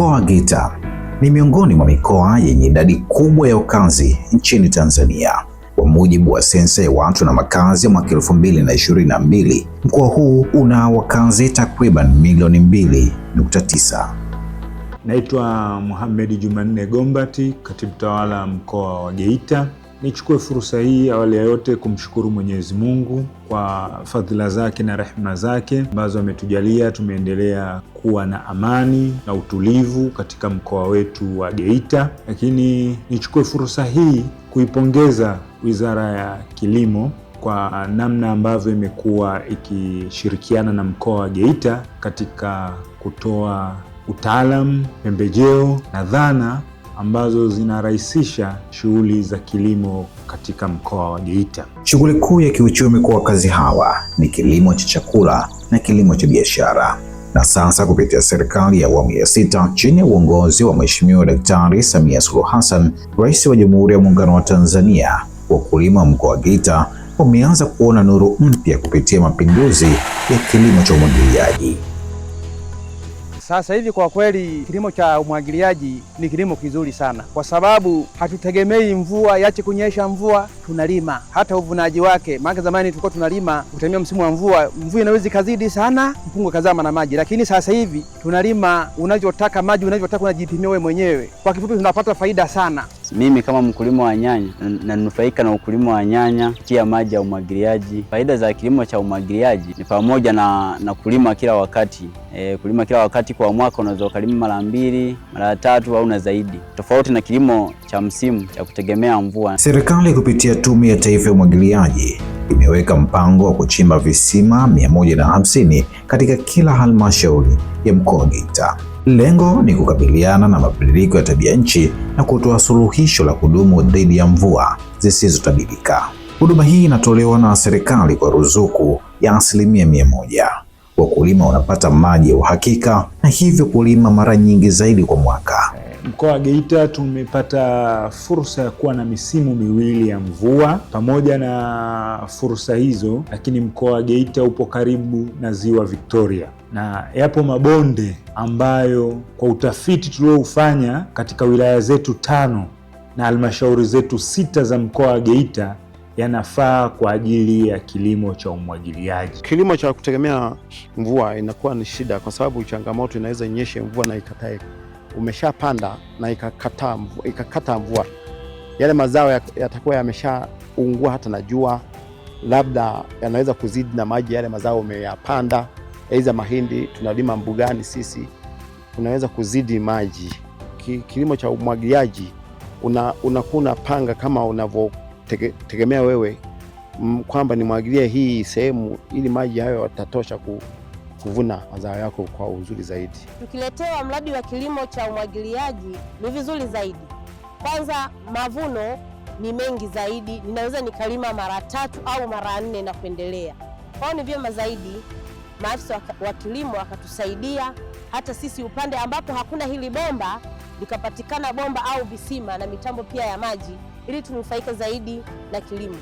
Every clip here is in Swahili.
Mkoa wa Geita ni miongoni mwa mikoa yenye idadi kubwa ya wakazi nchini Tanzania. Kwa mujibu wa sensa ya watu na makazi ya mwaka 2022, mkoa huu una wakazi takriban milioni 2.9. Naitwa Mohamed Jumanne Gombati, katibu tawala mkoa wa Geita. Nichukue fursa hii awali ya yote kumshukuru Mwenyezi Mungu kwa fadhila zake na rehema zake ambazo ametujalia tumeendelea kuwa na amani na utulivu katika mkoa wetu wa Geita. Lakini nichukue fursa hii kuipongeza Wizara ya Kilimo kwa namna ambavyo imekuwa ikishirikiana na mkoa wa Geita katika kutoa utaalamu, pembejeo na dhana ambazo zinarahisisha shughuli za kilimo katika mkoa wa Geita. Shughuli kuu ya kiuchumi kwa wakazi hawa ni kilimo cha chakula na kilimo cha biashara. Na sasa kupitia serikali ya awamu ya sita chini ya uongozi wa Mheshimiwa Daktari Samia Suluhu Hassan, Rais wa Jamhuri ya Muungano wa Tanzania, wakulima wa mkoa wa Geita wameanza kuona nuru mpya kupitia mapinduzi ya kilimo cha umwagiliaji. Sasa hivi kwa kweli kilimo cha umwagiliaji ni kilimo kizuri sana, kwa sababu hatutegemei mvua yache kunyesha mvua, tunalima hata uvunaji wake. Maana zamani tulikuwa tunalima kutegemea msimu wa mvua, mvua inaweza kazidi sana, mpungu kazama na maji, lakini sasa hivi tunalima unachotaka, maji unavyotaka, unajipimia wewe mwenyewe. Kwa kifupi, tunapata faida sana. Mimi kama mkulima wa nyanya nanufaika na ukulima wa nyanya tia maji ya umwagiliaji. Faida za kilimo cha umwagiliaji ni pamoja na, na kulima kila wakati e, kulima kila wakati kwa mwaka unaweza ukalima mara mbili mara tatu au na zaidi, tofauti na kilimo cha msimu cha kutegemea mvua. Serikali kupitia Tume ya Taifa ya Umwagiliaji imeweka mpango wa kuchimba visima 150 katika kila halmashauri ya mkoa wa Geita. Lengo ni kukabiliana na mabadiliko ya tabia nchi na kutoa suluhisho la kudumu dhidi ya mvua zisizotabirika. Huduma hii inatolewa na serikali kwa ruzuku ya asilimia mia moja. Wakulima wanapata maji ya uhakika na hivyo kulima mara nyingi zaidi kwa mwaka. Mkoa wa Geita tumepata fursa ya kuwa na misimu miwili ya mvua. Pamoja na fursa hizo, lakini mkoa wa Geita upo karibu na ziwa Victoria na yapo mabonde ambayo kwa utafiti tulioufanya katika wilaya zetu tano na halmashauri zetu sita za mkoa wa Geita yanafaa kwa ajili ya kilimo cha umwagiliaji. Kilimo cha kutegemea mvua inakuwa ni shida, kwa sababu changamoto inaweza inyeshe mvua na ikatae umeshapanda na ikakata mvua, ikakata mvua, yale mazao yatakuwa yameshaungua hata na jua, labda yanaweza kuzidi na maji yale mazao umeyapanda. Aidha mahindi tunalima mbugani sisi, unaweza kuzidi maji. Kilimo cha umwagiliaji una panga kama unavyotegemea wewe kwamba nimwagilie hii sehemu ili maji hayo yatatosha ku kuvuna mazao yako kwa uzuri zaidi. Tukiletewa mradi wa kilimo cha umwagiliaji ni vizuri zaidi. Kwanza mavuno ni mengi zaidi, ninaweza nikalima mara tatu au mara nne na kuendelea. Kwao ni vyema zaidi maafisa wa kilimo wakatusaidia hata sisi upande ambapo hakuna hili bomba likapatikana bomba au visima na mitambo pia ya maji, ili tunufaike zaidi na kilimo.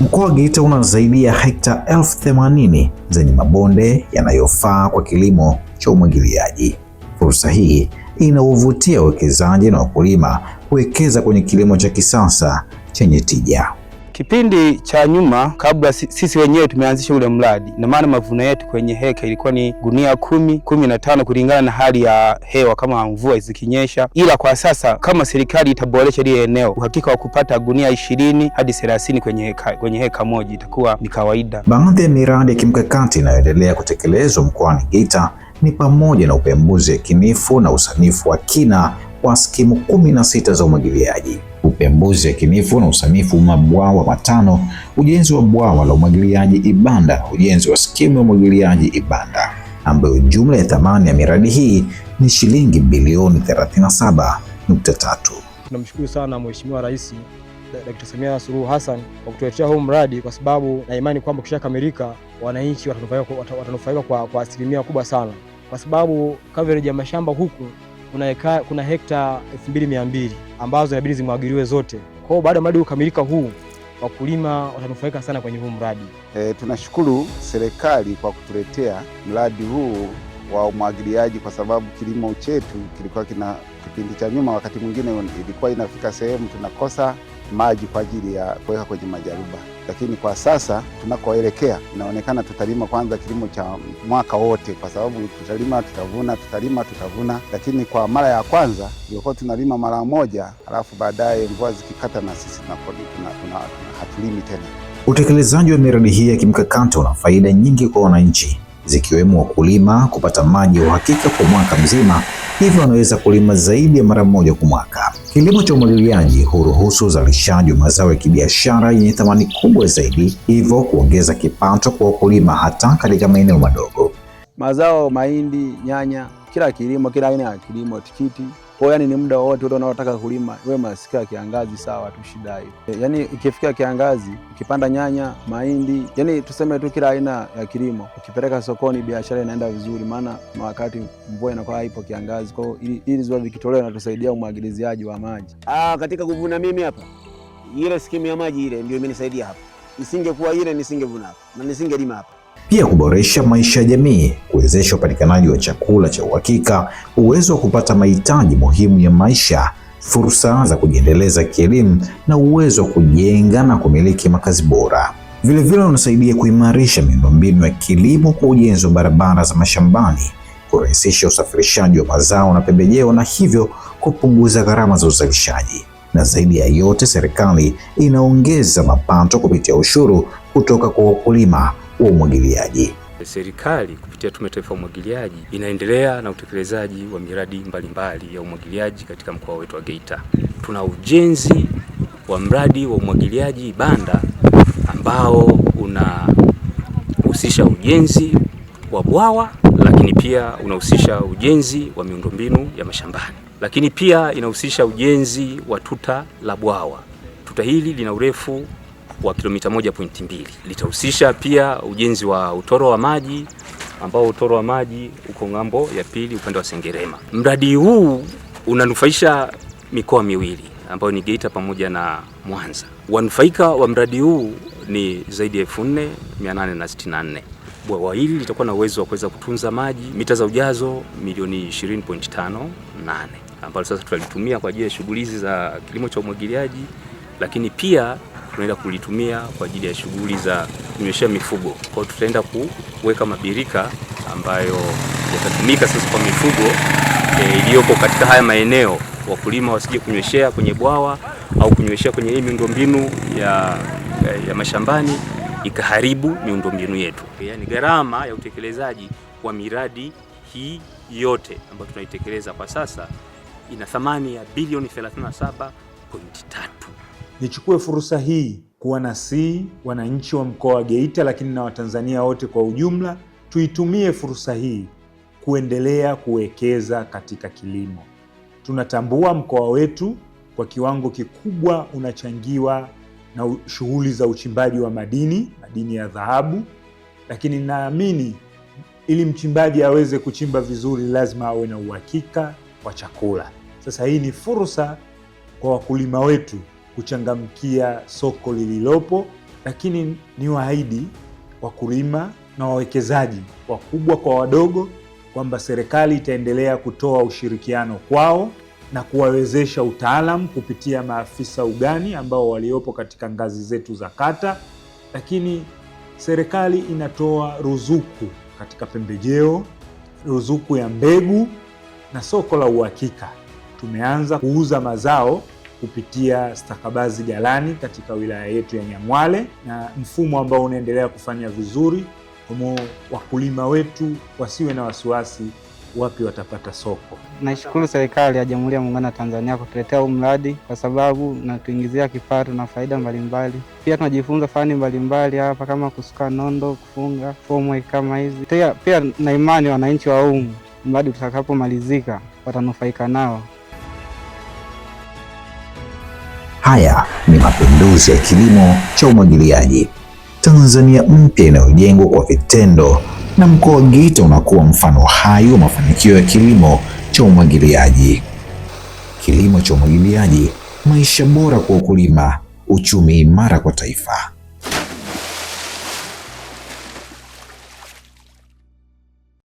Mkoa wa Geita una zaidi ya hekta elfu themanini zenye mabonde yanayofaa kwa kilimo cha umwagiliaji. Fursa hii inawavutia wawekezaji na wakulima kuwekeza kwenye kilimo cha kisasa chenye tija. Kipindi cha nyuma, kabla sisi wenyewe tumeanzisha ule mradi, na maana mavuno yetu kwenye heka ilikuwa ni gunia kumi, kumi na tano kulingana na hali ya hewa kama mvua zikinyesha. Ila kwa sasa kama serikali itaboresha ile eneo, uhakika wa kupata gunia ishirini hadi thelathini kwenye heka, kwenye heka moja itakuwa ni kawaida. Baadhi ya miradi ya kimkakati inayoendelea kutekelezwa mkoani Geita ni pamoja na upembuzi yakinifu na usanifu wa kina kwa skimu kumi na sita za umwagiliaji, upembuzi yakinifu na usanifu mabwawa matano, ujenzi wa bwawa la umwagiliaji Ibanda, ujenzi wa skimu ya umwagiliaji Ibanda, ambayo jumla ya thamani ya miradi hii ni shilingi bilioni 37.3. Tunamshukuru sana Mheshimiwa Rais Dkt. Samia Suluhu Hassan kwa kutuletea huu mradi kwa sababu na imani kwamba ukishakamilika wananchi watanufaika kwa asilimia kubwa sana, kwa sababu coverage ya mashamba huku kuna, heka, kuna hekta 2200 ambazo inabidi zimwagiliwe zote. Kwa hiyo baada ya mradi kukamilika huu wakulima watanufaika sana kwenye huu mradi. E, tunashukuru serikali kwa kutuletea mradi huu wa umwagiliaji kwa sababu kilimo chetu kilikuwa kina kipindi cha nyuma, wakati mwingine ilikuwa inafika sehemu tunakosa maji kwa ajili ya kuweka kwenye majaruba, lakini kwa sasa tunakoelekea inaonekana tutalima kwanza kilimo cha mwaka wote, kwa sababu tutalima, tutavuna, tutalima, tutavuna. Lakini kwa mara ya kwanza tulikuwa tunalima mara moja, halafu baadaye mvua zikikata na sisi hatulimi tena. Utekelezaji wa miradi hii ya kimkakati una faida nyingi kwa wananchi zikiwemo wakulima kupata maji ya uhakika kwa mwaka mzima, hivyo wanaweza kulima zaidi ya mara moja kwa mwaka. Kilimo cha umwagiliaji huruhusu uzalishaji wa mazao ya kibiashara yenye thamani kubwa zaidi, hivyo kuongeza kipato kwa wakulima hata katika maeneo madogo. Mazao mahindi, nyanya, kila kilimo, kila aina ya kilimo, tikiti kwa yani ni muda wowote ule unaotaka kulima, wewe masika kiangazi sawa tu, shida hiyo. E, yaani ikifika kiangazi ukipanda nyanya, mahindi, yani tuseme tu kila aina ya kilimo ukipeleka sokoni, biashara inaenda vizuri, maana wakati mvua inakuwa haipo kiangazi. Kwa hiyo ili ziwa vikitolewa inatusaidia umwagiliziaji wa maji. Ah, katika kuvuna mimi hapa ile skimu ya maji ile ndio imenisaidia hapa, isingekuwa ile nisingevuna hapa na nisingelima hapa pia kuboresha maisha ya jamii, kuwezesha upatikanaji wa chakula cha uhakika, uwezo wa kupata mahitaji muhimu ya maisha, fursa za kujiendeleza kielimu na uwezo wa kujenga na kumiliki makazi bora. Vilevile unasaidia kuimarisha miundombinu ya kilimo kwa ujenzi wa barabara za mashambani, kurahisisha usafirishaji wa mazao na pembejeo na hivyo kupunguza gharama za uzalishaji. Na zaidi ya yote, serikali inaongeza mapato kupitia ushuru kutoka kwa wakulima wa umwagiliaji. Serikali kupitia Tume Taifa ya Umwagiliaji inaendelea na utekelezaji wa miradi mbalimbali mbali ya umwagiliaji katika mkoa wetu wa Geita. Tuna ujenzi wa mradi wa umwagiliaji banda ambao unahusisha ujenzi wa bwawa, lakini pia unahusisha ujenzi wa miundombinu ya mashambani, lakini pia inahusisha ujenzi wa tuta la bwawa. Tuta hili lina urefu wa kilomita 1.2 litahusisha pia ujenzi wa utoro wa maji ambao utoro wa maji uko ng'ambo ya pili upande wa Sengerema. Mradi huu unanufaisha mikoa miwili ambayo ni Geita pamoja na Mwanza. Wanufaika wa mradi huu ni zaidi ya 4864. Bwawa hili litakuwa na uwezo wa kuweza kutunza maji mita za ujazo milioni 20.58 ambalo sasa tutalitumia kwa ajili ya shughuli hizi za kilimo cha umwagiliaji, lakini pia tunaenda kulitumia kwa ajili ya shughuli za kunyweshea mifugo. Kwa hiyo tutaenda kuweka mabirika ambayo yatatumika sasa kwa mifugo e, iliyoko katika haya maeneo, wakulima wasije kunyweshea kwenye bwawa au kunyweshea kwenye hii miundombinu ya, ya mashambani ikaharibu miundombinu yetu. Yaani gharama ya utekelezaji wa miradi hii yote ambayo tunaitekeleza kwa sasa ina thamani ya bilioni 37.5. Nichukue fursa hii kuwanasihi wananchi wa mkoa wa Geita, lakini na Watanzania wote kwa ujumla, tuitumie fursa hii kuendelea kuwekeza katika kilimo. Tunatambua mkoa wetu kwa kiwango kikubwa unachangiwa na shughuli za uchimbaji wa madini, madini ya dhahabu, lakini naamini ili mchimbaji aweze kuchimba vizuri, lazima awe na uhakika wa chakula. Sasa hii ni fursa kwa wakulima wetu kuchangamkia soko lililopo, lakini ni waahidi wakulima na wawekezaji wakubwa kwa wadogo kwamba serikali itaendelea kutoa ushirikiano kwao na kuwawezesha utaalam kupitia maafisa ugani ambao waliopo katika ngazi zetu za kata, lakini serikali inatoa ruzuku katika pembejeo, ruzuku ya mbegu na soko la uhakika. Tumeanza kuuza mazao kupitia stakabazi galani katika wilaya yetu ya Nyamwale, na mfumo ambao unaendelea kufanya vizuri humo. Wakulima wetu wasiwe na wasiwasi wapi watapata soko. Naishukuru serikali ya Jamhuri ya Muungano wa Tanzania kutuletea huu mradi kwa sababu natuingizia kipato na faida mbalimbali mbali. Pia tunajifunza fani mbalimbali hapa kama kusuka nondo, kufunga fomu kama hizi. Pia na imani wananchi wa umu mradi utakapomalizika watanufaika nao. Haya ni mapinduzi ya kilimo cha umwagiliaji, Tanzania mpya inayojengwa kwa vitendo, na mkoa wa Geita unakuwa mfano hai wa mafanikio ya kilimo cha umwagiliaji. Kilimo cha umwagiliaji, maisha bora kwa wakulima, uchumi imara kwa taifa.